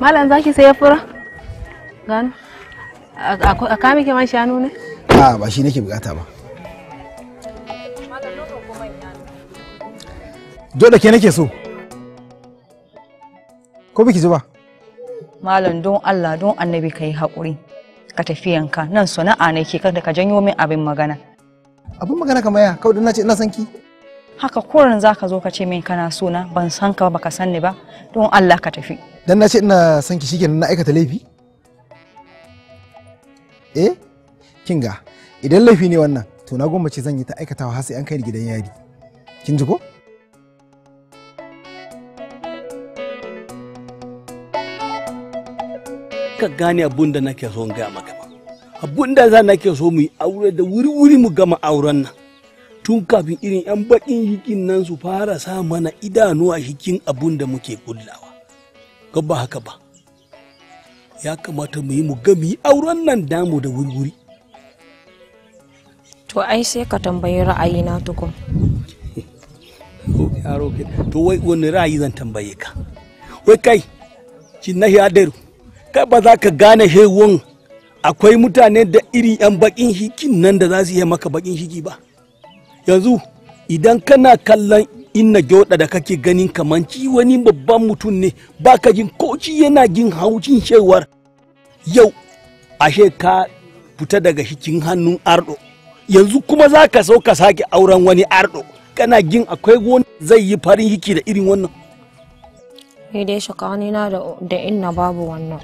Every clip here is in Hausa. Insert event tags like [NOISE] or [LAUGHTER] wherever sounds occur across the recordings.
Malam za ki saya fura? Gano. A kame ki man shanu ne? A ba shi nake bukata ba. Dole ke nake so. Ko biki zuba. Malam don Allah don annabi ka yi haƙuri ka tafiyanka nan sana'a ne ke kada ka janyo min abin magana. Abin magana kamar ya kawai na ce ina sanki. ki. haka kurin za ka zo ka ce min kana suna ban san ka baka san ni ba don Allah ka tafi dan na ce ina san ki shikenan na aikata laifi eh kinga idan laifi ne wannan to na gwammace zan yi ta aikatawa har sai an kai ni gidan yari kin ji ko ka gane abun da nake so in gaya maka abun da za nake so mu yi aure da wuri-wuri mu gama auren nan tun kafin irin 'yan baƙin yikin nan su fara sa mana idanu a shikin abun da muke kullawa ga ba haka ba ya kamata mu yi mu ga mu yi auren nan damu da wuri-wuri to ai sai ka tambayi ra'ayina tukun [LAUGHS] to wai wani ra'ayi zan tambaye ka wai kai shi na hadaru kai ba za ka gane shewon akwai mutane da irin 'yan baƙin shikin nan da za su iya maka baƙin shiki ba yanzu idan kana kallon inna joda da kake ganin kaman ci wani babban mutum ne baka jin koci yana jin haucin shewar yau ashe ka fita daga shikin hannun ardo yanzu kuma za ka so ka sake auren wani ardo kana jin akwai wani zai yi farin hiki da irin wannan ne dai na da inna babu wannan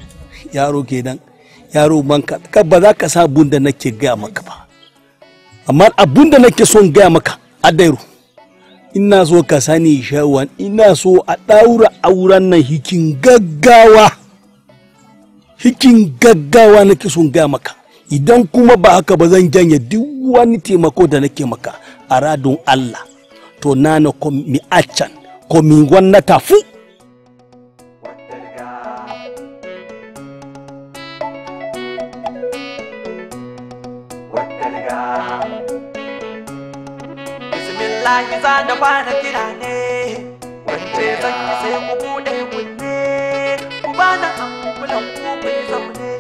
yaro kenan yaro man ka ba za ka sa bunda nake gaya maka ba amma abun da nake son gaya maka adairu ina so ka sani shawan ina so a ɗaura auren nan hikin gaggawa hikin gaggawa nake son gaya maka idan kuma ba haka ba zan janye duk wani taimako da nake maka a radon Allah to nana ko mi accan ko mi wannan tafu wallahi za da fara kira ne wance zan yi sai ku bude kunne ku ba na ambulan ku bai zaune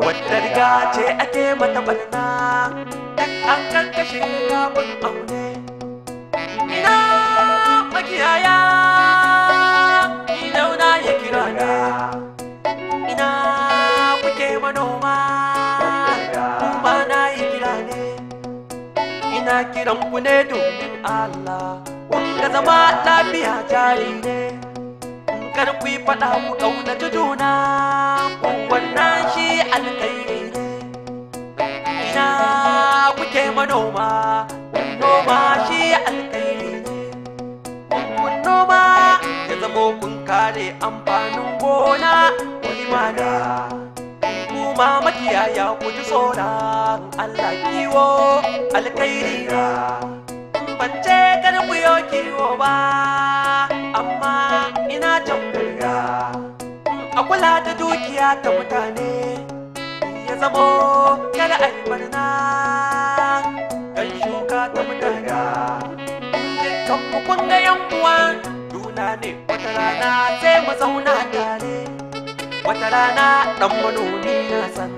wata riga ce ake mata barna dan an karkashe kafin aure ina makiyaya ina na ya kira ina kuke manoma ina kiran ku ne domin Allah zama lafiya jari ne kar ku yi faɗa ku ƙaunaci juna wannan shi alkhairi ne ina kuke manoma noma shi alkhairi ne kun noma ya zama kun kare amfanin gona wani ne. kuma makiyaya ku ji tsoron Allah kiwo alkhairi. na bance kar ku yo kiwo ba amma ina can kulga a kula da dukiya ta mutane ya zamo kar a yi barna kan shuka ta mutane kan mu kun yan uwa juna ne wata rana sai mu zauna tare wata rana ɗan manomi na san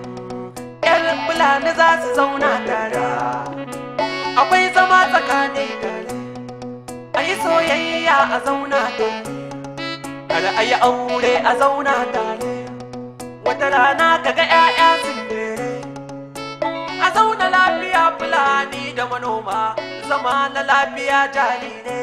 ‘yar fulani za su zauna tare akwai zama tsakanin tare a soyayya a zauna tare har a yi aure a zauna tare wata rana ka ‘ya'ya sun dare a zauna lafiya fulani da manoma zama na lafiya jari ne.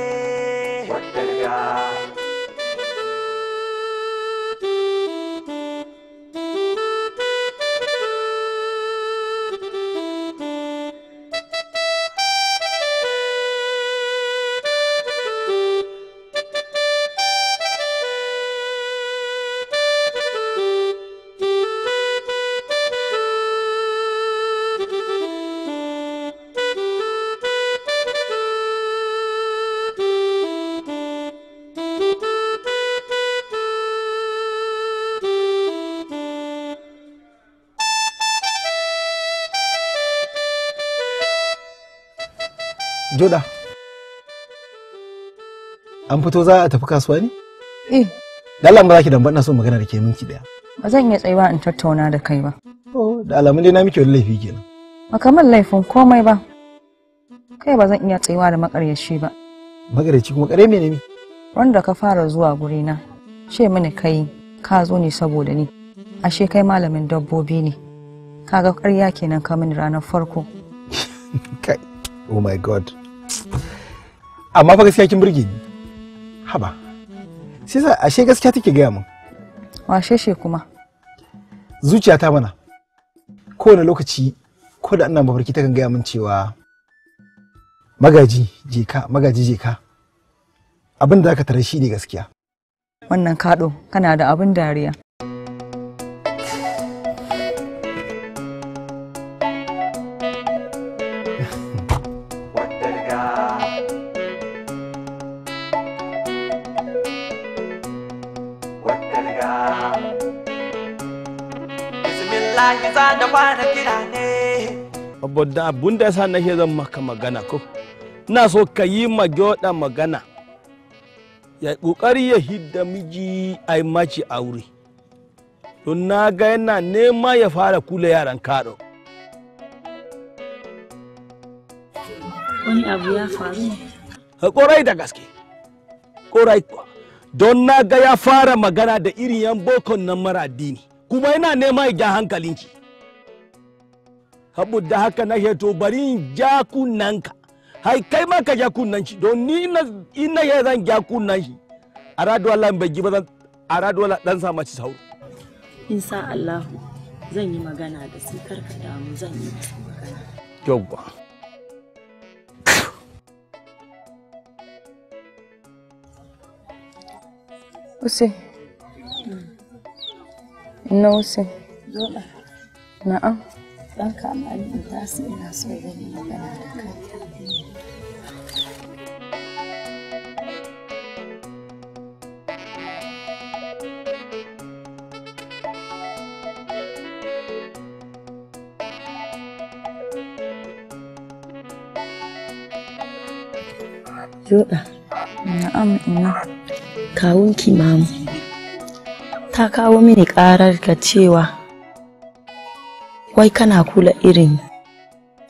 Joda. An fito za a tafi kasuwa ne? Eh. Dalla ba za ki dambana so magana da ke minki daya. Ba zan iya tsayuwa in tattauna da kai ba. Oh, da alamun dai na miki wani laifi kenan. Baka min laifin komai ba. Kai ba zan iya tsayuwa da makaryaci ba. Makaryaci kuma kare me ne Wanda ka fara zuwa na Ce mini kai ka zo ne saboda ni. Ashe kai malamin dabbobi ne. Kaga ƙarya kenan ka mini ranar farko. [LAUGHS] kai. Oh my God. amma fa gaskiya kin burge ni haba sai sa ashe gaskiya take gaya min washe she kuma zuciya ta mana kowane lokaci ko da ina mafarki takan gaya min cewa magaji je ka magaji je ka abin da aka tare ne gaskiya wannan kaɗo kana da abin dariya wallahi za da fara kira ne abun da sa nake zan maka magana ko ina so ka yi magyoda magana ya kokari ya hidda miji a ai maci wuri don na ga yana nema ya fara kula yaran kaɗo wani abu ya faru ne da gaske korai kuwa don na ga ya fara magana da irin yan bokon nan mara dini. kuma yana nema ya ja hankalinki da haka na heto bari in ja kunanka hai kai ma ka ja kunnan shi don ni ina ya zan ja kunnan shi a radu Allah bai gi ba zan a radu Allah dan sa mace sauro Insa Allah zan yi magana da su karka damu zan yi magana yawwa Use, hmm. Nausi. Zoba. Na'am. Dan kama ni ta su ina so zan yi magana da kai. Yoda. Na'am ina. Kawunki mamu. ta kawo mini ƙarar ka cewa wai kana kula irin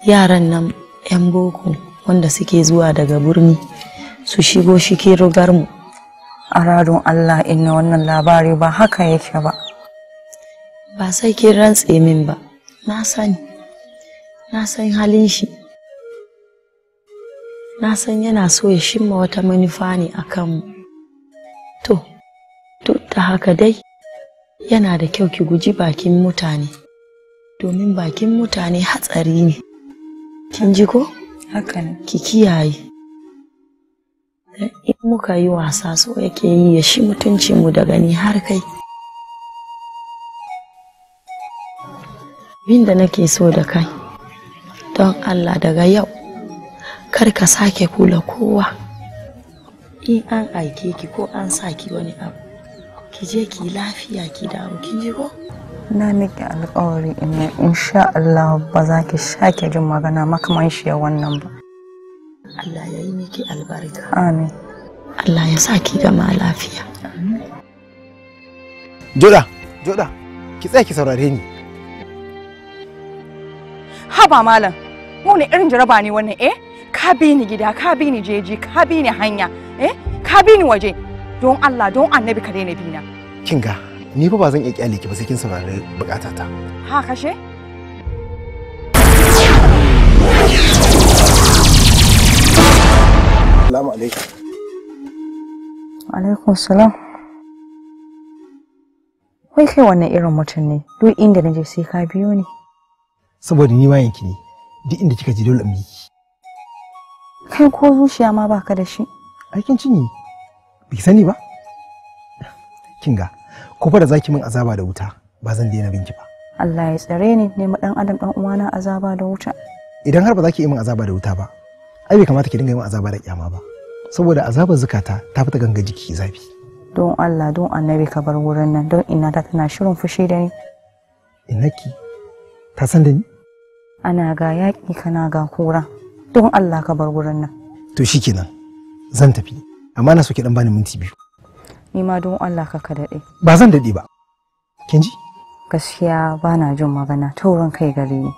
yaran nan 'yan boko wanda suke zuwa daga birni su shigo shike rugarmu a radon Allah inna wannan labari ba haka yake ba ba sai kin rantse min ba na sani na san halin shi na san yana so ya shimma wata manufa ne a kanmu to duk haka dai yana da kyau ki guji bakin mutane domin bakin mutane hatsari ne kin ji ko haka ki kiyaye in muka yi wasa so yake yi ya shi mutuncinmu da gani har kai abin da nake so da kai don allah daga yau kar ka sake kula kowa in an aike ki ko an saki wani abu ki je ki lafiya ki dawo kin ji ko na miki alƙawari in insha Allah ba za ki shake jin magana makaman shi wannan ba Allah ya yi miki albarka amin Allah ya sa ki gama lafiya Joda Joda ki tsaya ki saurare ni Haba malam mu ne irin jaraba ne wannan eh ka bi ni gida ka bi ni jeji ka bi ni hanya eh ka bi ni waje don Allah don annabi ka daina bina kin ga ni fa ba zan iya kyale ki ba sai kin saurari bukatata ha kashe Assalamu alaikum. Alaikum salam. Wai kai wannan irin mutum ne, duk inda na je sai ka biyo ni. Saboda ni wayanki ne, duk inda kika je dole in bi. Kai ko zuciya ma baka da shi. Aikin cinye. bai sani ba kinga ko fa da zaki min azaba da wuta ba zan daina binki ba Allah ya tsare ni ne ma dan adam dan uwana azaba da wuta idan har ba za yi min azaba da wuta ba ai bai kamata ki dinga yi min azaba da kyama ba saboda azabar zukata ta fita ganga jiki zafi don Allah don annabi ka bar wurin nan don ina ta tana shirin fushi da ni inaki ta san da ni ana ga yaki kana ga kura don Allah ka bar wurin nan to shikenan zan tafi amma na so ki dan bani minti biyu ni ma don Allah ka ka dade ba zan dade ba kin ji gaskiya ba na jin magana taurin kai gare ni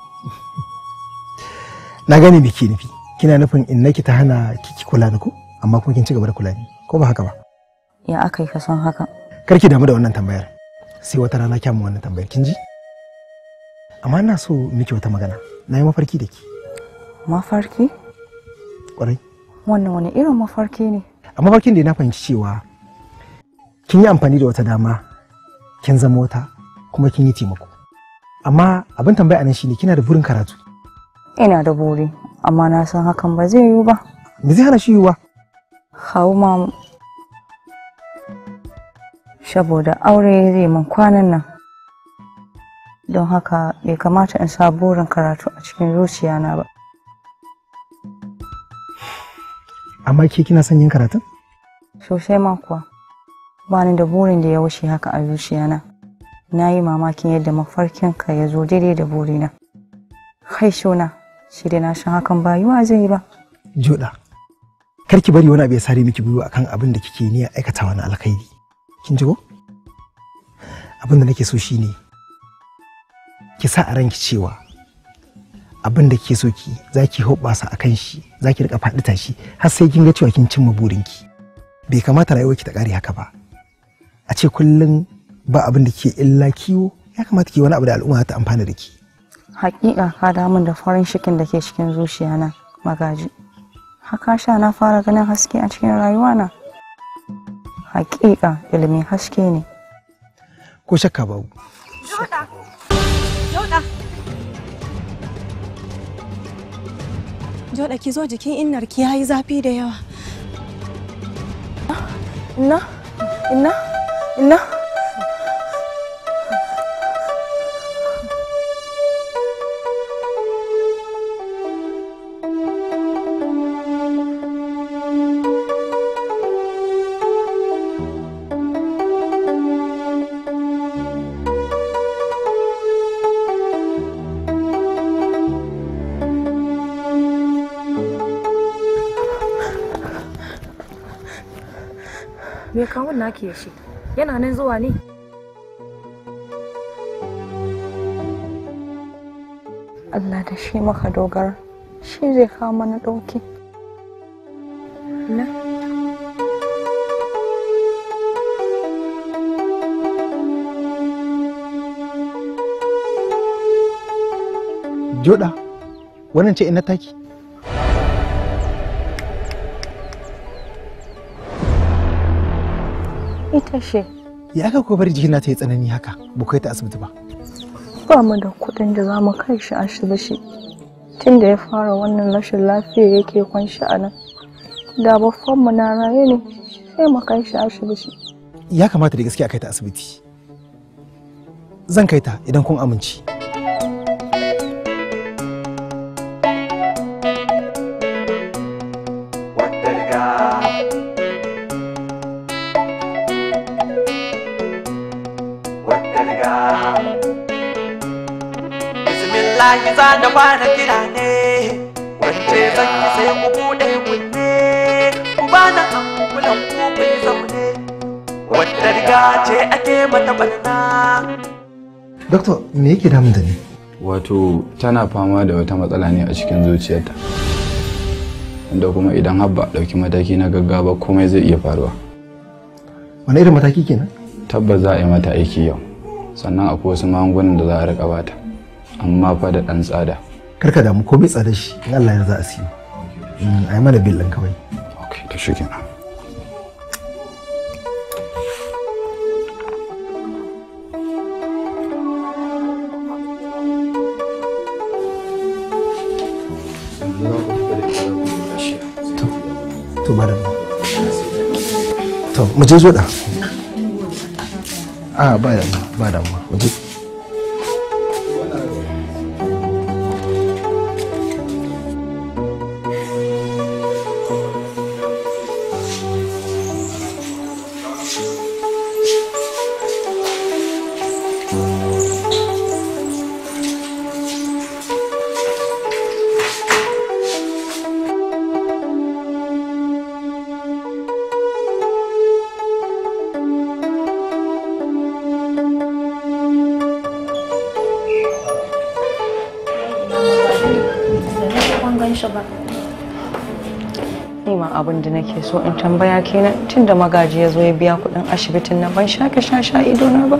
na gane biki nufi kina nufin in naki ta hana kiki kula da ku amma kuma kin ci gaba da kula ni ko ba haka ba ya aka yi ka san haka karki damu da wannan tambayar sai wata rana kyamun wannan tambayar kin ji amma ina so miki wata magana na yi mafarki da ki mafarki kwarai wannan wani irin mafarki ne a mafarkin da na fahimci cewa kin yi amfani da wata dama kin zama wata kuma kin yi taimako amma abin tambaya anan shine kina da burin karatu ina da buri amma na san hakan ba zai yiwu ba me zai hana shi yiwuwa hau ma saboda aure zai man kwanan nan don haka bai kamata in sa burin karatu a cikin zuciyana ba amma ke kina son yin karatun sosai ma kuwa ba ni da burin da ya wuce haka a zuciyana na yi mamakin yadda mafarkin ka ya zo daidai da burina kai shona shi da na shan hakan ba yiwa zai ba joda kar bari wani abu ya sare miki gwiwa akan abin da kike niyya aikata wani alkhairi kin ji ko abin da nake so shine ki sa a ranki cewa abin da ke so ki za ki huɓasa a kan shi za ki riƙa faɗi tashi har sai kin ga cewa kin cimma burinki bai kamata rayuwarki ta kare haka ba a ce kullum ba abin da ke illa kiwo ya kamata ki wani abu da al'umma ta amfana da ki hakika ka damun da farin cikin da ke cikin zuciya na magaji haka sha na fara ganin haske a cikin rayuwa na hakika ilimin haske ne ko shakka ba dauda Joda ki zo jikin innarki yayi zafi da yawa. इन्ना इन्ना इन्ना naki ya ce yana nan zuwa ne Allah da shi maka dogara shi zai kawo mana ɗauki na joda wannan ce ina taki ita ce Ya aka ko bari jikin ta yi tsanani haka ba kai ta asibiti ba. Ba mu da kuɗin da za mu kai shi asibiti. Tun da ya fara wannan rashin lafiya yake kwanci a nan. Da babban mu na raye ne sai mu kai shi asibiti. Ya kamata da gaskiya a kai ta asibiti. Zan kai ta idan kun amince. yi da fara kira ne Wace zan sai ku bude ku ba na zaune riga ce ake mata barna me yake damun da ni? Wato, tana fama da wata matsala ne a cikin zuciyarta. inda kuma idan har ba ɗauki mataki na gaggawa komai zai iya faruwa. Wani irin mataki kenan? Tabbas za a yi mata aiki yau. Sannan akwai wasu magungunan da za a riƙa bata. amma fa da dan tsada karka damu komai tsada shi in Allah ya za a siyo mm, a yi mana billin kawai ok to shi kenan to da to mu je zo da a ah, ba da ba da mu je shi ba ni ma abin da nake so in tambaya kenan tunda magaji ya zo ya biya kuɗin asibitin nan ban shake shasha ido na ba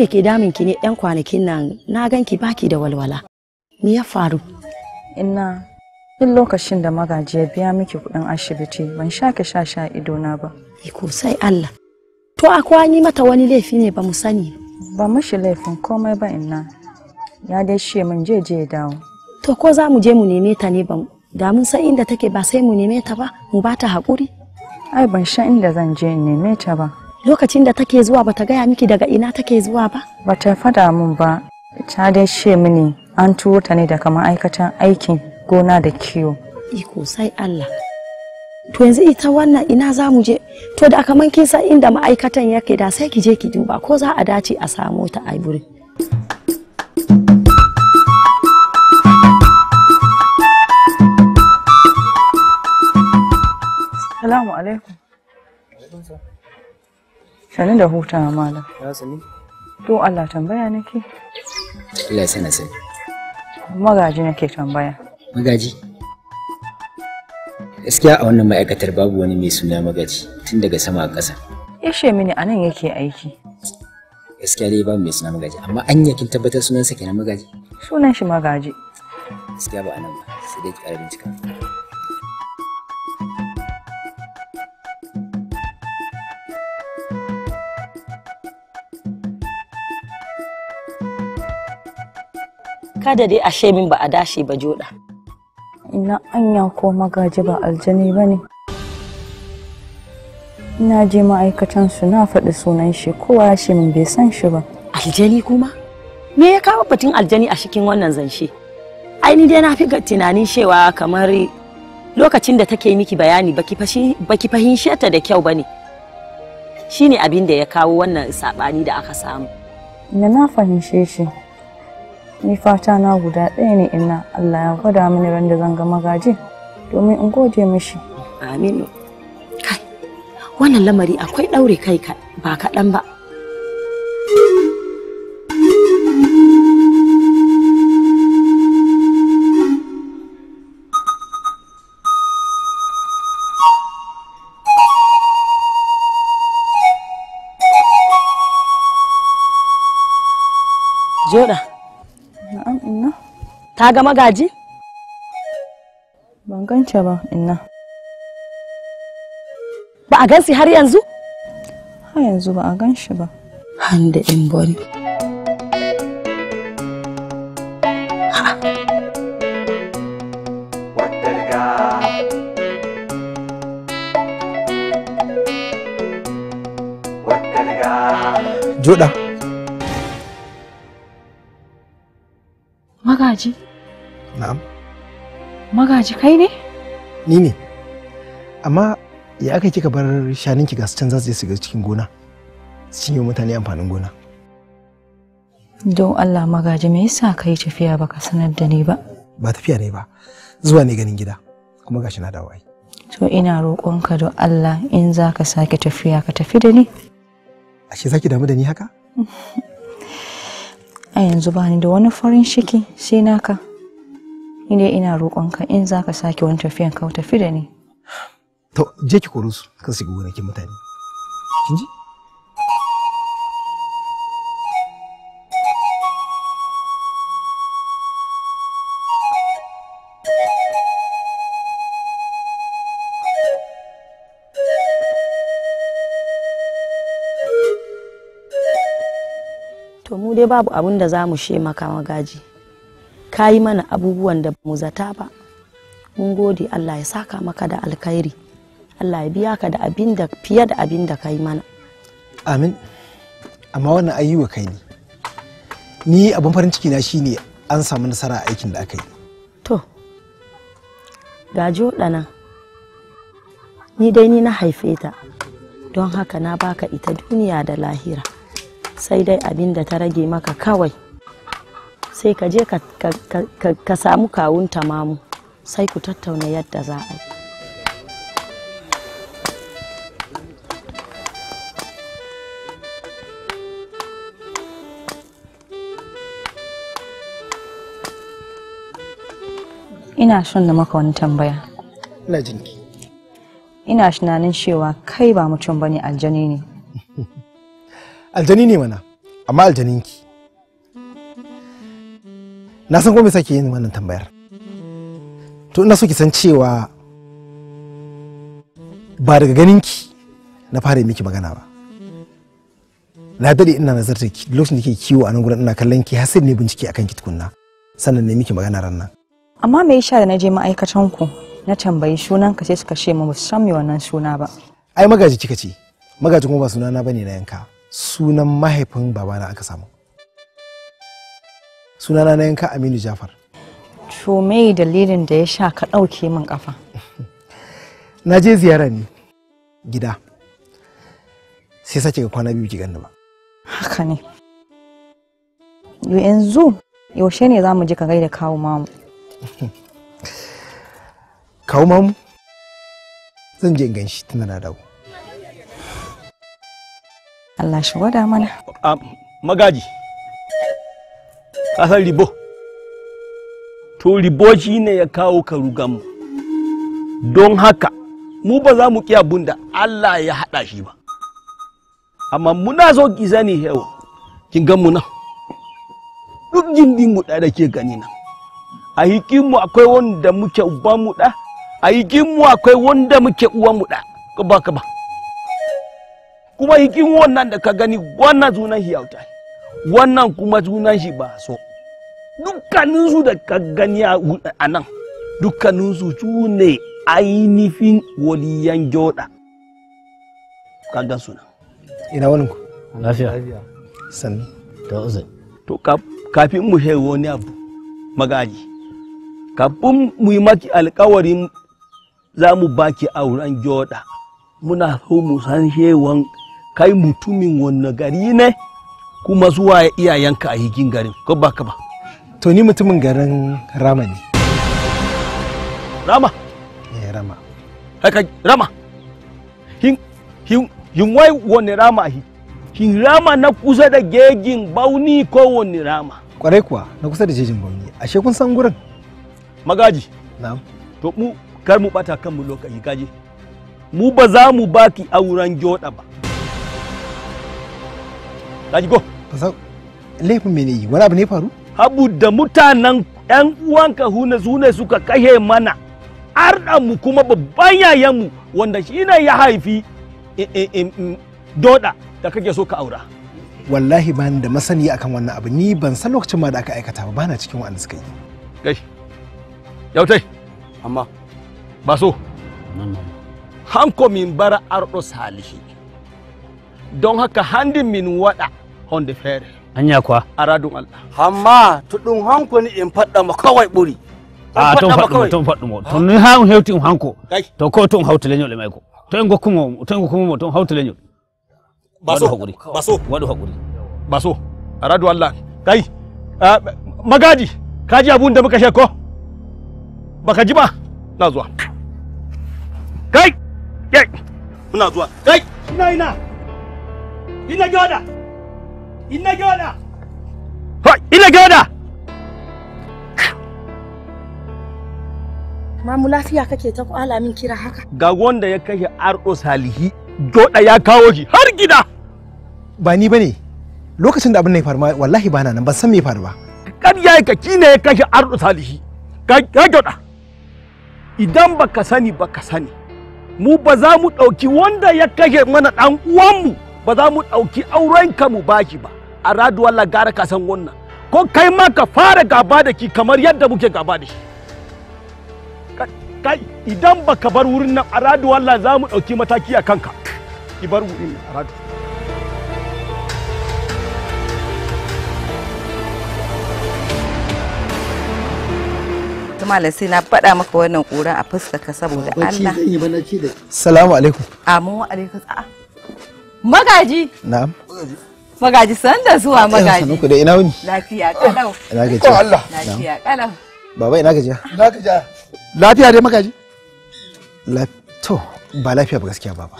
me ke damin ki ne yan kwanakin nan na ganki baki da walwala me ya faru ina in lokacin da magaji ya biya miki kudin asibiti ban shake sha sha ido na ba iko sai Allah to akwai yi mata wani laifi ne ba mu sani ba shi laifin komai ba ina ya dai she mun je je dawo to ko za mu je mu neme ta ne ba da mun san inda take ba sai mu neme ta ba mu ba ta haƙuri ai ban sha inda zan je in neme ta ba lokacin da take zuwa bata gaya miki daga ina take zuwa ba bata fada min ba ta dai she mini an turo ta ne daga ma'aikatan aikin gona da kiwo iko sai Allah to yanzu ita wannan ina za mu je to da aka man sa inda ma'aikatan yake da sai ki je ki duba ko za a dace a samu ta a Assalamu alaikum. Sani da hutawa malam. Ya sani. To Allah tambaya nake. Allah ya sana sani. Magaji nake tambaya. Magaji? Gaskiya a wannan ma'aikatar babu wani mai suna magaji tun daga sama a ƙasa. she mini anan yake aiki. Gaskiya dai babu mai suna magaji amma an yakin tabbatar sunansa kenan magaji. Sunan shi magaji. Gaskiya ba anan ba sai dai ki ƙara bincika. kada dai ashe min ba a dashi ba joda ina anya ko magaji ba aljani ba ne ina je ma'aikatan su na faɗi sunan shi kowa ya shi min bai san shi ba aljani kuma me ya kawo batun aljani a cikin wannan zance ai ni dai na fi tunanin cewa kamar lokacin da take miki bayani baki fahimce ta da kyau bane shine abin da ya kawo wannan sabani da aka samu ina na fahimce shi ni fata na guda ɗaya ne ina Allah ya gwada mini ran da zan ga magaji domin in gode mishi aminu kai wannan lamari akwai ɗaure kai ka ba kaɗan ba Joda. ta ga magaji ban gance ba inna ba a gansi har yanzu har yanzu ba a ganshi ba handa in boni joda Na'am. Magaji kai ne? Ni ne. Amma ya aka kika bar shaninki ga su can za su je su ga cikin gona? Su yi mutane amfanin gona. Don Allah magaji me yasa ka yi tafiya baka sanar da ni ba? Ba tafiya ne ba. Zuwa ne ganin gida. Kuma gashi na dawo ai. To ina roƙonka don Allah in za ka sake tafiya ka tafi da ni. Ashe zaki damu da ni haka? [LAUGHS] A yanzu ba ni da wani farin ciki sai naka. ni dai ina roƙonka in za ka sake wani tafiyan ka tafi da ni to je ki koro su kan su gonakin mutane kin ji to mu dai babu abin da za mu she maka magaji ka yi mana abubuwan da mu zata ba mun gode allah ya saka maka da alkhairi allah ya biya ka da abin da fiye da abin da ka yi mana amin amma wannan ayyuka kai ne ni abin farin ciki na shine an samu nasara a aikin da aka yi to ga joɗana ni dai ni na haife ta don haka na baka ita duniya da lahira sai dai abin da ta rage maka kawai sai ka je ka samu kawun tamamu sai ku tattauna yadda za a yi ina shan da maka wani tambaya ina jinki ina tunanin cewa kai ba mutum bane aljani ne [LAUGHS] aljani ne mana amma aljaninki na san kuma sake yin wannan tambayar to ina so ki san cewa ba daga ganinki na fara miki magana ba na dade ina nazarta ki lokacin da ke kiwo a nan gurin ina kallon ki har sai ne bincike akan ki tukunna sannan ne miki magana ran nan amma me yasa da na je ma'aikatan ku na tambayi sunan ka sai suka ce mu san me wannan suna ba ai magaji kika ce magaji kuma ba suna na bane na yanka sunan mahaifin babana aka samu sunana na yanka aminu jafar to dalilin da ya sha ka ɗauke min kafa [LAUGHS] na je ziyara ne gida sai sace ga kwana biyu ki ganni ba haka ne yanzu yaushe ne za mu je ka gaida kawo mamu [LAUGHS] kawo mamu zan je gan shi tunana dawo Allah shi gwada mana ah, magaji kasan ribo to ribo shi ne ya kawo ka rugan mu don haka mu ba za mu kiya bunda Allah ya haɗa shi ba amma muna so ki sani hewa kin gan mu nan duk gindin mu da ke gani nan a hikin mu akwai wanda muke uban mu da a hikin mu akwai wanda muke uwan mu da ka ba ka ba kuma hikin wannan da ka gani wannan sunan shi wannan kuma sunan shi ba so dukkaninsu da ka gani a nan dukkaninsu su ne ainihin waliyan joda ka gan ina wani ku lafiya sannu ta uzai to kafin mu shi wani abu magaji kafin mu yi maki alkawarin za mu baki auren joda muna so mu san shewan kai mutumin wanne gari ne kuma zuwa iyayenka a higin garin ko ba ka ba to ni mutumin garin rama ne rama eh rama haka rama hin hin hin wai wani rama hi hin rama na kusa da gegin bauni ko wani rama kwarai kuwa na kusa da jejin bauni ashe kun san gurin magaji na'am to mu kar mu bata kan mu lokaci kaje mu ba za mu baki auren joda ba kaji go laifin mene yi wani abu ne faru habu da mutanen yan uwanka hune su suka kashe mana mu kuma babban yayanmu wanda shi ne ya haifi doda eh, eh, da kake so ka aura wallahi bani da masani akan wannan abu ni ban san lokacin ma da aka aikata ba bana cikin wa'anda suka yi kai yautai amma ba so hanko min bara arɗo salihi don haka handi min waɗa on the Anya kwa. Aradun Allah. Amma tudun hanko ni in faɗa ma kawai buri. A ah, to fadda mo ton faɗu mo. To ni han hewti um hanko. To ko ton hawtu lenyol mai ko. To en mo to en gokku mo to hawtu lenyol. Baso hakuri. Baso. Wadu hakuri. Baso. Aradu Allah. Kai. Ah, magadi. Kaji abun da muka she ko? Baka ji ba? Na zuwa. Kai. Kai. Muna zuwa. Kai. Ina ina. Ina gada. Inna gyoda! Inna gyoda! Mamu lafiya kake ta kwala min kira haka. Ga wanda ya kashe Ardo Salihi, gyoda ya kawo shi har gida. Ba ni bane. Lokacin da abin ya faru wallahi ba na nan ban san me faru ba. Ƙarya ka kine ya kashe Ardo Salihi. Ka gyoda. Idan baka sani baka sani. Mu ba za mu ɗauki wanda ya kashe mana ɗan mu ba za mu ɗauki aurenka mu baki ba. a radu Allah gara ka san wannan ko kai ma ka fara gaba da ki kamar yadda muke gaba da shi kai idan baka bar wurin nan a radu Allah za mu ɗauki mataki a kanka ki bar wurin nan a radu malam sai na faɗa maka wannan ƙura a fuskarka saboda Allah. Salamu alaikum. Amin wa alaikum. Magaji. Na'am. Magaji. Magaji sanda zuwa ah, magaji. Sanu da ina wuni? Lafiya kalau. Ah, ina gajiya Ko Allah. Lafiya kalau. Baba ina gajiya Ina gaji. Lafiya dai magaji? La to ba lafiya ba gaskiya baba.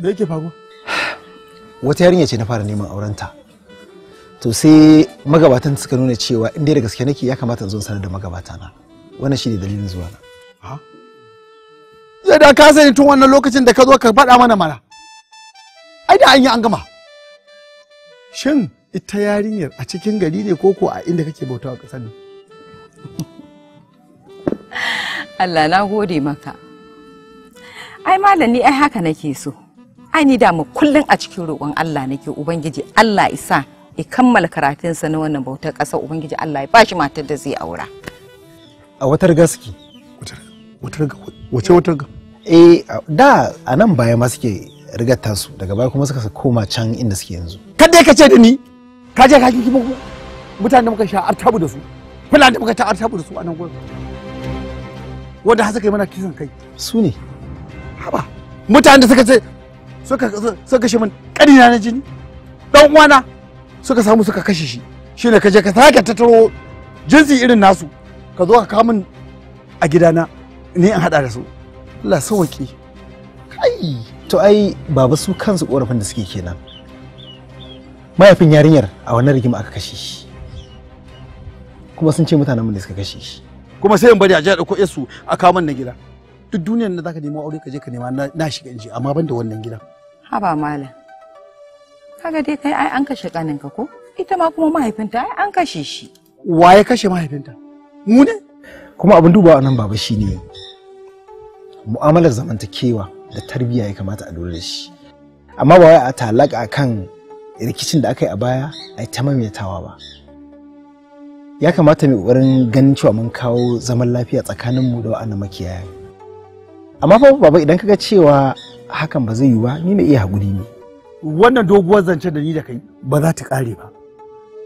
Me yake faruwa? Wata yarinya ce na fara neman aurenta. To sai magabatan suka nuna cewa in dai da gaske nake ya kamata in zo sanar da magabatana. Wannan shi ne dalilin zuwa na. Ha? da ka sani tun wannan lokacin da ka zo ka faɗa mana mana. Ai da an yi an gama. shin ita yarinyar a cikin gari ne koko a inda kake bauta a ƙasar Allah na gode maka ai malami ai haka nake so ai ni da mu kullun a cikin roƙon Allah nake ubangiji Allah isa ya kammala karatunsa na wannan bautar ƙasar ubangiji Allah ya bashi matar da zai aura a watar gaski wace watar ga eh da a nan baya ma suke rigar tasu daga baya kuma suka koma can inda suke yanzu kada ka ce da ni ka je ka kiki mutane da muka sha artabu da su kula da muka ta artabu da su a nan gurin wanda har suka yi mana kisan kai su ne haba mutane da suka ce suka suka kashe min kadina na jini dan uwana suka samu suka kashe shi shine ka je ka sake tattaro jinsi irin nasu ka zo ka kawo min a gidana ni in hada da su Allah sauki kai to ai baba su kansu korafin da suke kenan mahaifin yarinyar a wannan rigima aka kashe shi kuma sun ce mutanen mu ne suka kashe shi kuma sai in bari a ji a dauko yasu a kawo na gida duk duniyar da zaka nemo aure ka je ka nema na shiga inji amma ban da wannan gidan haba malam kaga dai kai ai an kashe ka ko ita ma kuma mahaifinta ai an kashe shi wa ya kashe mahaifinta mu ne kuma abin duba a nan baba shine mu'amalar zamantakewa da tarbiyya ya kamata a lura da shi amma ba wai a talaka kan rikicin da aka yi a baya a yi ta maimaitawa ba ya kamata mai ƙoƙarin ganin cewa mun kawo zaman lafiya tsakaninmu da wa'annan makiyaya amma fa baba idan kaga cewa hakan ba zai yi ba ni mai iya haƙuri ne wannan doguwar zance da ni da kai ba za ta ƙare ba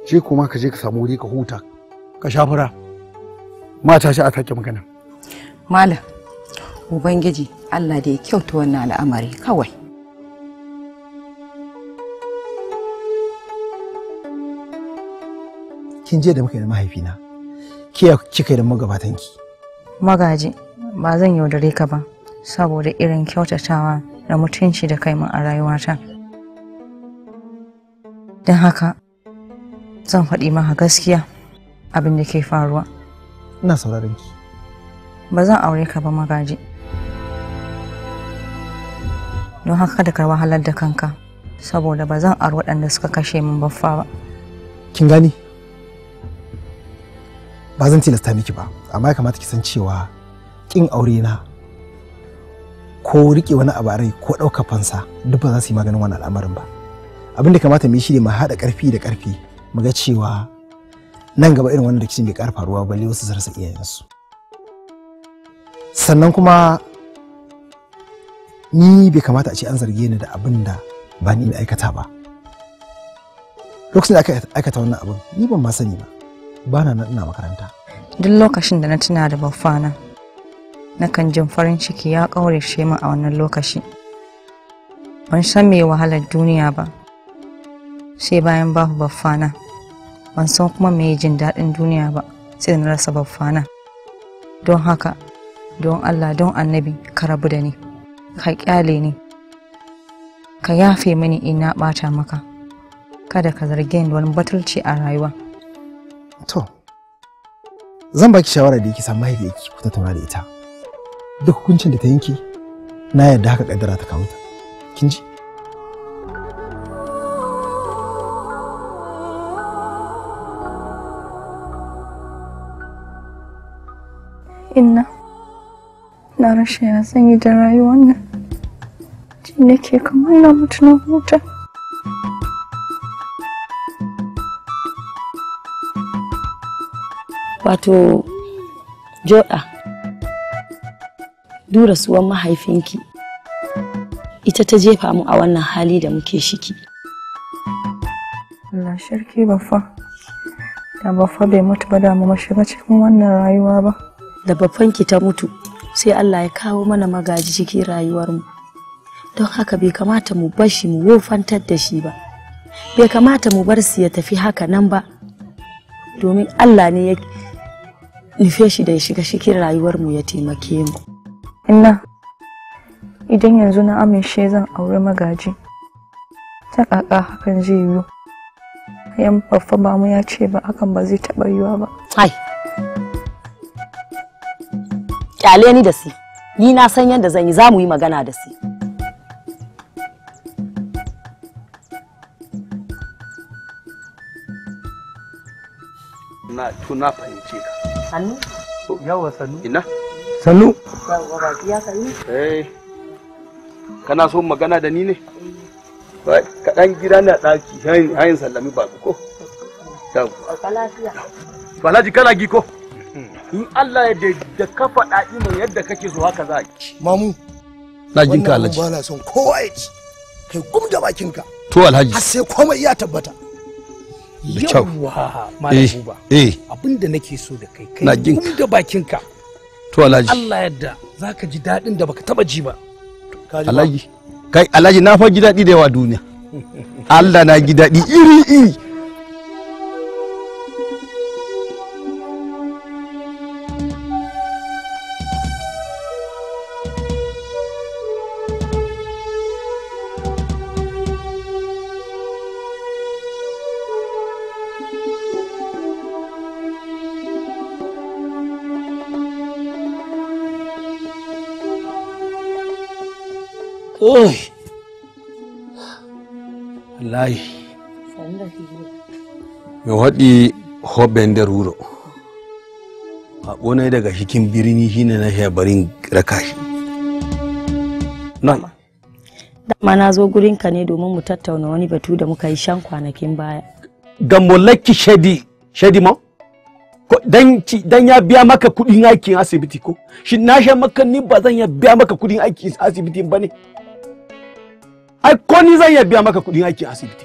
je kuma ka je ka samu wuri ka huta ka sha fura mata shi a take magana malam ubangiji Allah da ya kyautu wannan al'amari kawai kin je da muka da mahaifina ke kika yi da ki? magaji ba zan yaudare ka ba saboda irin kyautatawa da mutunci da kai min a rayuwata don haka zan faɗi maka gaskiya abin da ke faruwa ina sauraron ki ba zan aure ka ba magaji don haka kada ka wahalar da kanka saboda ba zan ar waɗanda suka kashe min baffa ba kin gani ba zan tilasta miki ba amma ya kamata ki san cewa kin aure na ko rike wani abu rai ko ɗauka fansa duk ba za su yi maganin wannan al'amarin ba abin da kamata mu yi shi ne mu haɗa ƙarfi da ƙarfi mu ga cewa nan gaba irin wannan rikicin bai ƙara faruwa balle wasu su rasa iyayensu sannan kuma ni bai kamata a ce an zarge ni da abin da ba ni da aikata ba lokacin da aka aikata wannan abin ni ban ma sani ba bana na ina makaranta duk lokacin da na tuna da baffana kan jin farin ciki ya kaure shi min a wannan lokaci ban san me wahalar duniya ba sai bayan babu baffana ban san kuma me jin daɗin duniya ba sai na rasa baffana don haka don Allah don annabi ka rabu da ni ka kyale ni ka yafe mini ina ɓata maka kada ka zargin wani batulci a rayuwa to zan baki shawara da yake samu mahaifiyarki ku tattauna da ita duk hukuncin da ta yanke na yarda haka kaddara ta kawo ta kin ji inna na rashin ya sanyi da rayuwar nan ji nake kamar na mutu na huta wato joda dura suwan mahaifinki ita ta jefa mu a wannan hali da muke shiki Allah sharki baffa da baffa bai mutu ba da mu shiga cikin wannan rayuwa ba da baffanki ta mutu sai Allah ya kawo mana magaji cikin rayuwarmu don haka bai kamata mu bar shi mu wofantar da shi ba bai kamata mu bar su ya tafi haka nan ba domin Allah ne ya nufe shi da ya shiga cikin rayuwarmu ya taimake mu. Inna, idan yanzu na amince zan aure magaji, ta ƙaƙa hakan zai yiwu. Yan babba bamu ya ce ba hakan ba zai taɓa yiwa ba. Ai, ƙyale ni da si, ni na san yadda zan yi za mu yi magana da si. Na, to na fahimce ka. Sannu? Yawa sannu. Ina? Sannu? Eh. Kana so magana da ni ne? dan gida na daki hayin sallami ba ko? Yawa. Alhaji kana gi ko? In Allah ya da ka faɗa iman yadda kake so haka za ki. Mamu. Na jin ka Alhaji. Wannan ba na son kowa ya ci. Kai gum da bakinka. To Alhaji. Har sai komai ya tabbata. da kyau yawa malam eh, buba eh. abinda nake so da kai kai da bakinka to alhaji Allah yadda zaka ji dadin da baka taba ji ba alhaji kai alhaji na fa ji dadi da yawa duniya Allah na ji dadi iri iri wallahi mai waɗi hoben da ruro a ƙonai daga cikin birni ne na shabarin rakashi nan dama na zo gurinka ne domin mu tattauna wani batu da muka yi shan kwanakin baya ga mallaki shadi shadi ma dan ya biya maka kudin aikin asibiti ko shi na sha maka ni ba zan ya biya maka kudin aikin asibiti ba ne ai ko ni zan iya biya maka kuɗin aiki a asibiti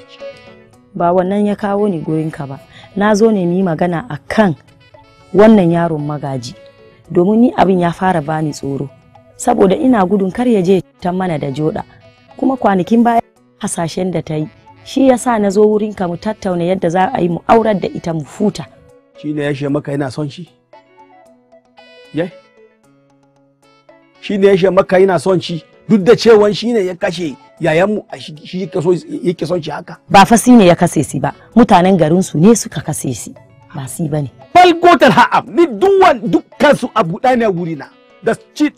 ba wannan ya kawo ni gurin ka ba na zo ne mu yi magana akan wannan yaron magaji domin ni abin ya fara bani tsoro saboda ina gudun kar ya je ta mana da joda kuma kwanakin baya hasashen da ta yi shi yasa na zo wurin mu tattauna yadda za a yi mu aurar da ita mu futa shi ne ya she maka yana son shi shi ne ya she maka yana son shi duk da cewa shi ne ya kashe yayanmu mu shi yake so son shi haka ba fa ne ya kase si ba mutanen garin su ne suka kase si ba si bane gotal ha'am ni duwan dukkan su abu ne wuri na da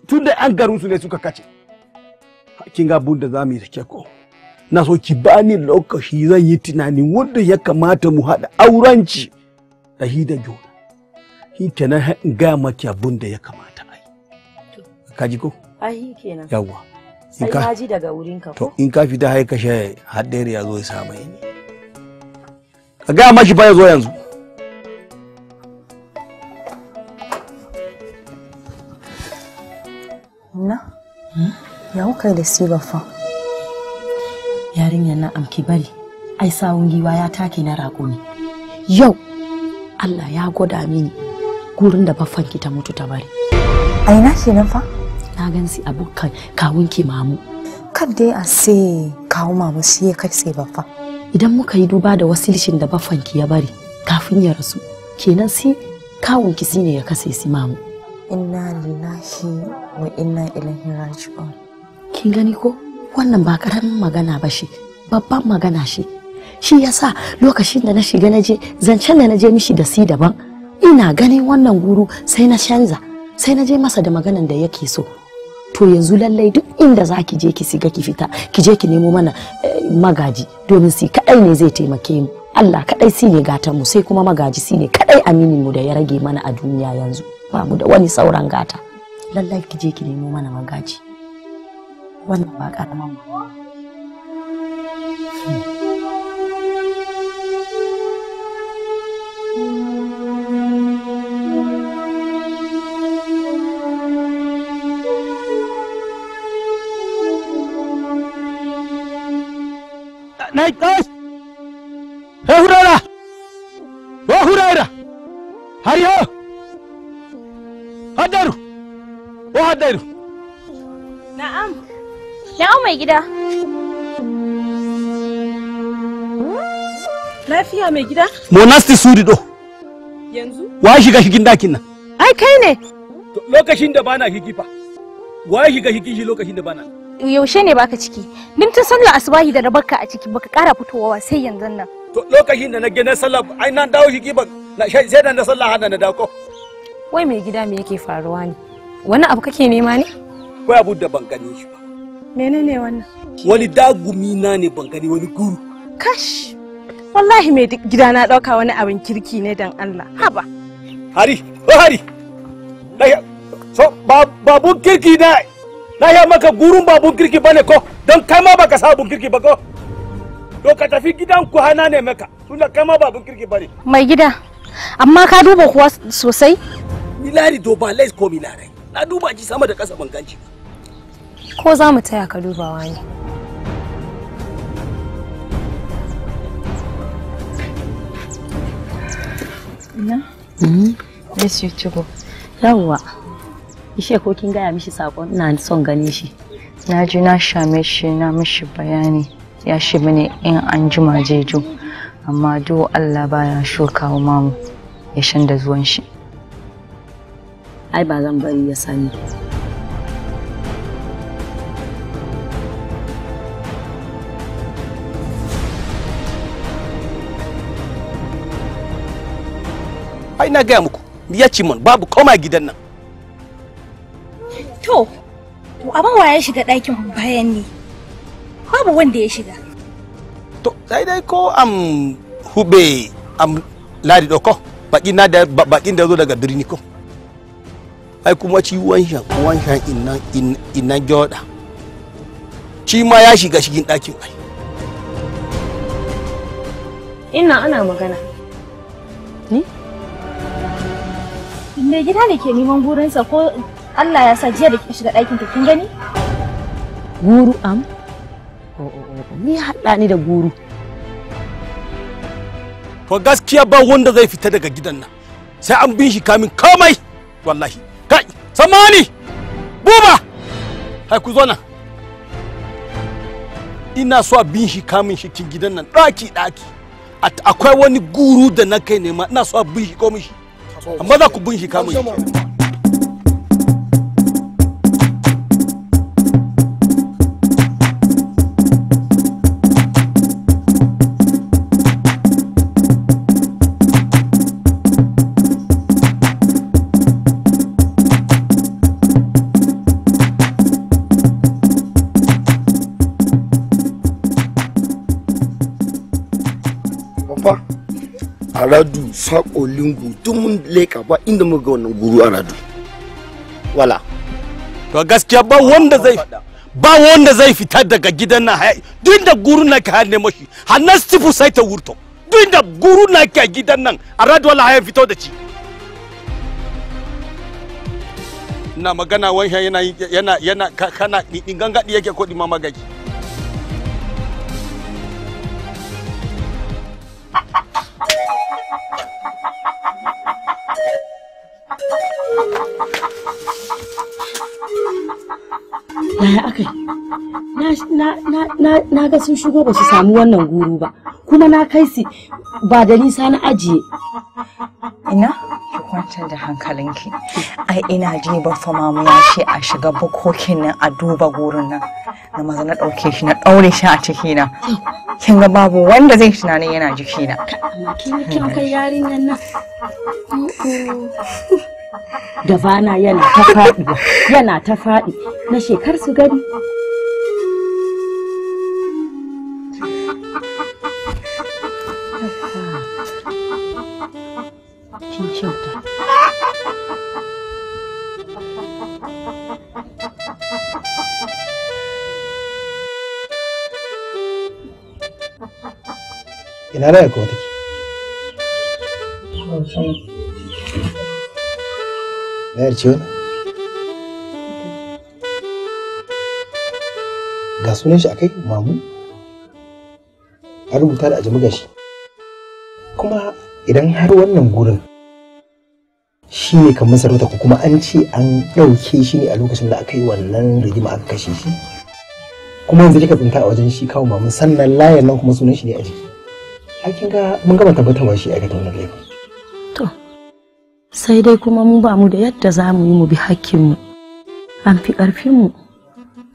tun da an garin su ne suka kace kin ga bunda da zamu yi take ko na so ki bani lokaci zan yi tunani wanda ya kamata mu haɗa aurenci da hi da juna shi kenan ga maki abun da ya kamata a kaji ko ai kenan yawa sai na ji daga wurin ka to in ka fita haika kashe haddere ya zo ya samu ni ka ga mashi fa ya zo yanzu na hmm? ya kai da siba fa yarinyar na amki bari ai sawun giwa ya take na rago ne yau Allah ya gwada mini gurin da ki ta mutu ta bari aina nan fa na gan su abokan kawun ki mamu kar dai a sai kawo mamu shi ya kai sai baffa idan muka yi duba da wasilishin da baffan ki ya bari kafin ya rasu kenan sai kawun ki shine ya kase si mamu inna lillahi wa inna ilaihi raji'un kin gani ko wannan ba karamin magana ba shi babban magana shi shi yasa lokacin da na shiga na je zancen da na je mishi da si daban ina ganin wannan guru sai na canza sai naje masa da maganan da yake so to yanzu lallai duk inda za ki je ki siga ki fita ki je ki nemo mana eh, magaji domin si kadai ne zai taimake mu Allah kadai si ne gatan mu sai kuma magaji si ne kadai aminin mu da ya rage mana a duniya yanzu ba mu da wani sauran gata lallai ki je ki nemo mana magaji wannan ba karaman ዳይቆስ ሄሁረራ ወሁረራ ሀሪሆ ሀደሩ ወሀደሩ na'am na'am mai gida lafiya mai gida monasti sudi do yanzu wa shiga shigin dakin nan ai kai ne lokacin da bana hikifa wa shiga hikin shi lokacin da bana yaushe ne baka ciki din tun sallar asubahi da na a ciki baka kara fitowa sai yanzu nan to lokacin da na gina sallah ai na dawo shi na sai da na sallah hada na dako wai mai gida me yake faruwa ne wani abu kake nema ne wai abu da ban gani shi ba menene wannan wani dagumi na ne ban gani wani guru kash wallahi mai gida na dauka wani abin kirki ne dan Allah haba hari oh hari so babun kirki na na ya maka gurin babun kirki bane ko don kama baka sa babun kirki ba ko to ka tafi gidan ku hana ne maka tunda kai ma babun kirki bane mai gida amma ka duba kuwa sosai milari do ba lais ko milarai na duba ji sama da kasa ban ganci ko za mu taya ka dubawa ne mm-hmm. Yes, you too. Yawwa. Ishe ko kin gaya mishi sakon ina son ganin shi. Na ji na shame shi na mishi bayani ya shi mini in an jima jeju amma do Allah baya shuka wa mamu ya shan da zuwan shi. Ai ba zan bari ya sani. Ai na gaya muku, ya ci mun babu koma gidan nan. To, abin wa ya shiga ɗakin bayan ne? Babu wanda ya shiga. To, daidai dai ko am hube am ladi ɗauko baƙin na da ya da zo daga birni ko. Ai kuma ci wanshan wanshan innan innan joda. Ci ma ya shiga shigin ɗakin ai. Ina ana magana. Ni? Me gida ne ke neman gurinsa ko Allah ya sa jiya da kika shiga ɗakin kin gani? Guru am? Ni haɗa ni da guru. To gaskiya ba wanda zai fita daga gidan nan. Sai an bin shi kamin komai. Wallahi. Kai, samani! Buba! Hai ku zo nan. Ina so a bin shi kamin shi kin gidan nan ɗaki ɗaki. Akwai wani guru da na kai nema ina so a bin shi komai shi. Amma za ku bin shi kamin shi. gudu sako lingu tun mun leka ba inda mun ga wannan guru ana du wala to gaskiya ba wanda zai ba wanda zai fita daga gidan na haya duk da guru na ka ne mashi hannan sifu sai ta wurto duk da guru na ka gidan nan a wala haya fito da ci na magana wanhan yana yana yana kana ingangadi yake ko ha ha! Ha ha ha ha ha! na ga sun shigo ba su samu wannan guru ba kuma na kai su ba da nisa na ajiye ina ki kwantar da hankalinki ai ina ji ba fama ya ce a shiga bukokin nan a duba gurin nan na maza na ɗauke shi na ɗaure shi a cikina kin ga babu wanda zai tunanin yana jikina kin kai yarinyar nan [LAUGHS] gabana yana ta faɗi yana ta faɗi na shekar su gani kin kyauta ina ra'ayar kuma take Wayar Ga sunan shi akai mamu? An rubuta da ajami shi. Kuma idan har wannan gurin shi ne kamar sarauta ko kuma an ce an ɗauke shi ne a lokacin da aka yi wannan rigima aka kashe shi. Kuma yanzu kika tsinta a wajen shi kawo mamu sannan layan nan kuma sunan shi ne a jiki. Hakin ga mun gama tabbatarwa shi aikata wannan laifin. sai dai kuma mu ba mu da yadda za mu yi mu bi mu an fi mu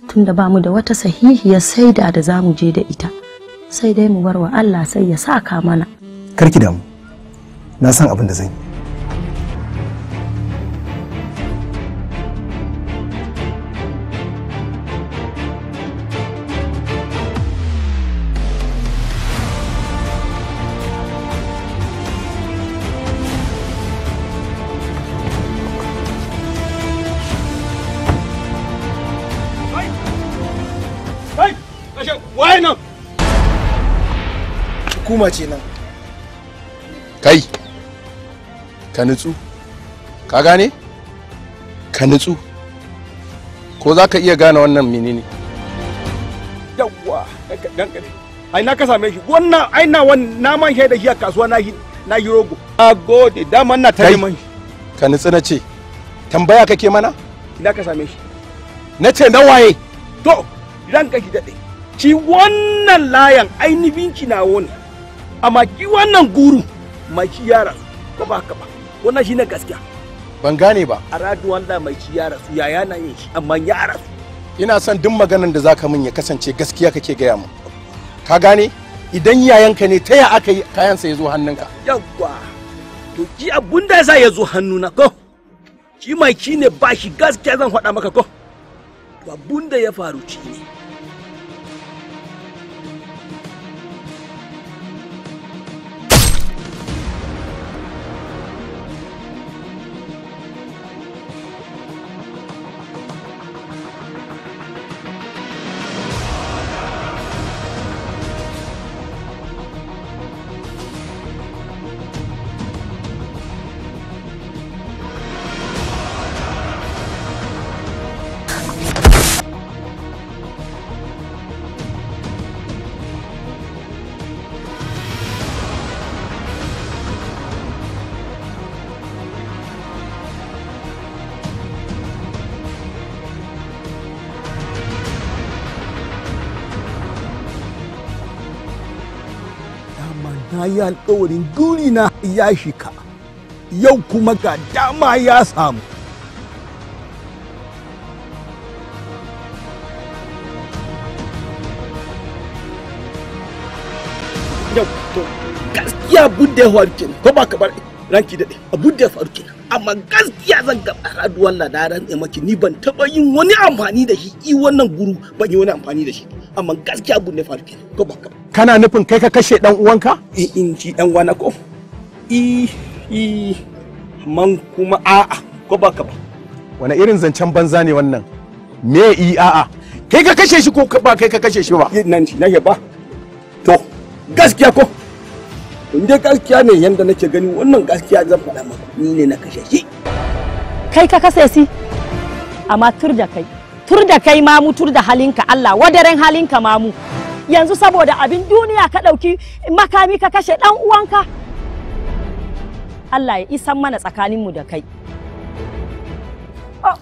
tunda ba mu da wata sahihiyar saida da za mu je da ita sai dai mu bar wa Allah sai ya saka mana karki damu na san abin da zan yi hukuma ce nan kai ka nutsu ka gane ka nutsu ko za ka iya gane wannan menene yawwa ai na ka same shi wannan ai na wannan na man shaida shi a kasuwa na na yi rogo a gode daman na ta man shi ka nutsu na ce tambaya kake mana ina ka same shi na ce na waye to ranka shi daɗe shi wannan layan ainihin kinawo ne amma ki wannan guru mai ci yara ko ba ka ba wannan shine gaskiya ban gane ba a radu wanda mai ci yara su yaya na yin shi amma yara su ina son duk maganan da zaka min ya kasance gaskiya kake gaya mu ka gane idan yayanka ne ta ya aka yi kayansa ya zo hannunka yawwa to ki abun da yasa ya zo hannuna ko ki mai ci ne ba shi gaskiya zan faɗa maka ko abun da ya faru ci ne na yi alkawarin guri na ya shika yau kuma ga dama ya samu yau to gaskiya budda ya kenan ko ba ka bar ranki daɗe a budda ya faru kenan amma gaskiya zan ga raduwan na da ran maki ni ban taɓa yin wani amfani da shi i wannan guru ban yi wani amfani da shi amma gaskiya budda da ya faru kenan ko ba ka bar kana nufin kai ka kashe dan uwanka in shi dan uwana ko i i man kuma a'a ko ba ka ba wani irin zancen banza ne wannan me i a'a kai ka kashe shi ko ba kai ka kashe shi ba nan shi nake ba to gaskiya ko in dai gaskiya ne yanda nake gani wannan gaskiya zan faɗa maka ni ne na kashe shi kai ka kashe shi amma tur da kai tur da kai mamu tur da halinka Allah wadaren halinka mamu yanzu saboda abin duniya ka ɗauki makami ka kashe ɗan uwanka Allah ya isan mana tsakaninmu da kai ah,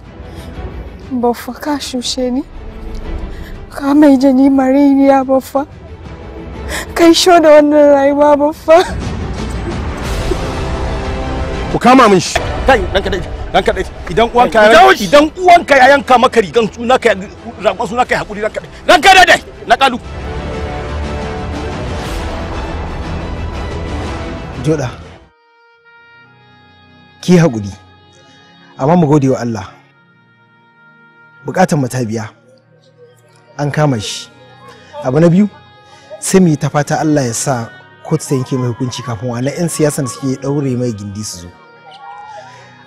baffa ka shushe ni ka mai jini mariniya baffa kai sho da wannan rayuwa baffa ku kama min shi kai dan kadai dan kadai idan uwanka ya idan uwan ya yanka maka rigan suna kai ragon suna kai hakuri dan kadai dan na kalu joda ki hakuri amma mu gode wa Allah buƙatar mu ta biya an kama shi abu na biyu sai mu yi ta fata Allah ya sa kotu ta yanke mai hukunci kafin na 'yan siyasan suke ɗaure mai gindi su zo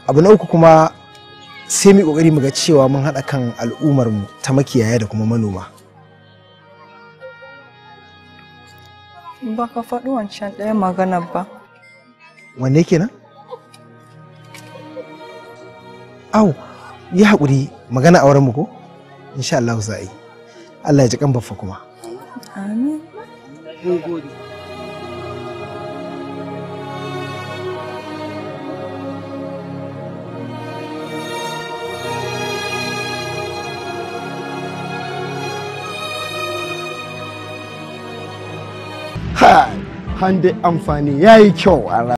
abu na uku kuma sai mu yi ƙoƙari mu ga cewa mun haɗa kan al'ummar mu ta makiyaya da kuma manoma ba ka faɗi wancan ɗaya maganar ba wanne kenan au ya haƙuri magana a mu ko insha Allah za a yi Allah ya ji kan baffa kuma amin hande amfani ya yi kyau a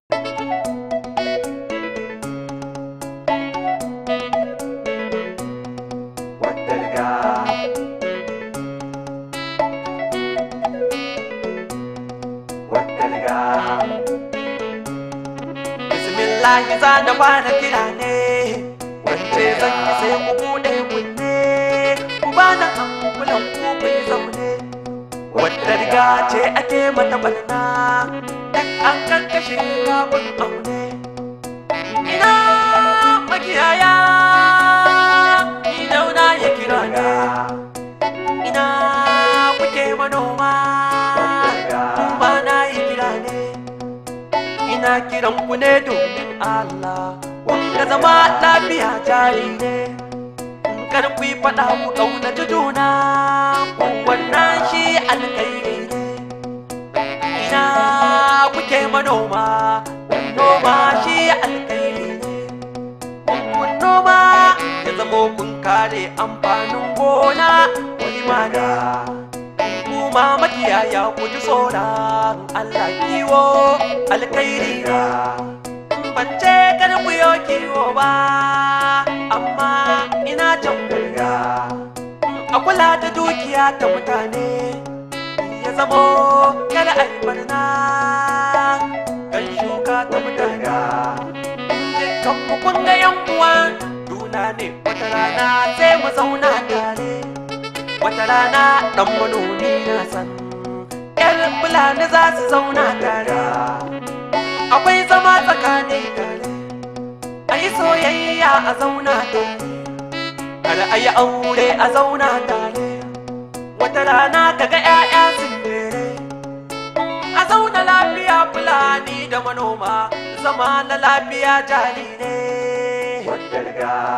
ne domin Allah wanda zama lafiya jari ne kar ku faɗa ku ƙaunaci juna wannan shi alkhairi ne ina kuke manoma noma shi alkhairi ne kun noma ya zamo kun kare amfanin gona wani ma kuma makiyaya kuji ji Allah kiwo alkhairi ban ce kar ku yo kiwo ba amma ina can burga a kula da dukiya ta mutane ya zamo kada a yi barna kan shuka ta mutane kan mu kunga yan uwa juna ne wata rana sai mu zauna tare wata rana ɗan manomi na san ‘yan fulani za su zauna tare akwai zama tsakanin tare a soyayya a zauna tare har a yi aure a zauna tare wata rana ka ‘ya'ya sun dare a zauna lafiya fulani da manoma zama na lafiya jari ne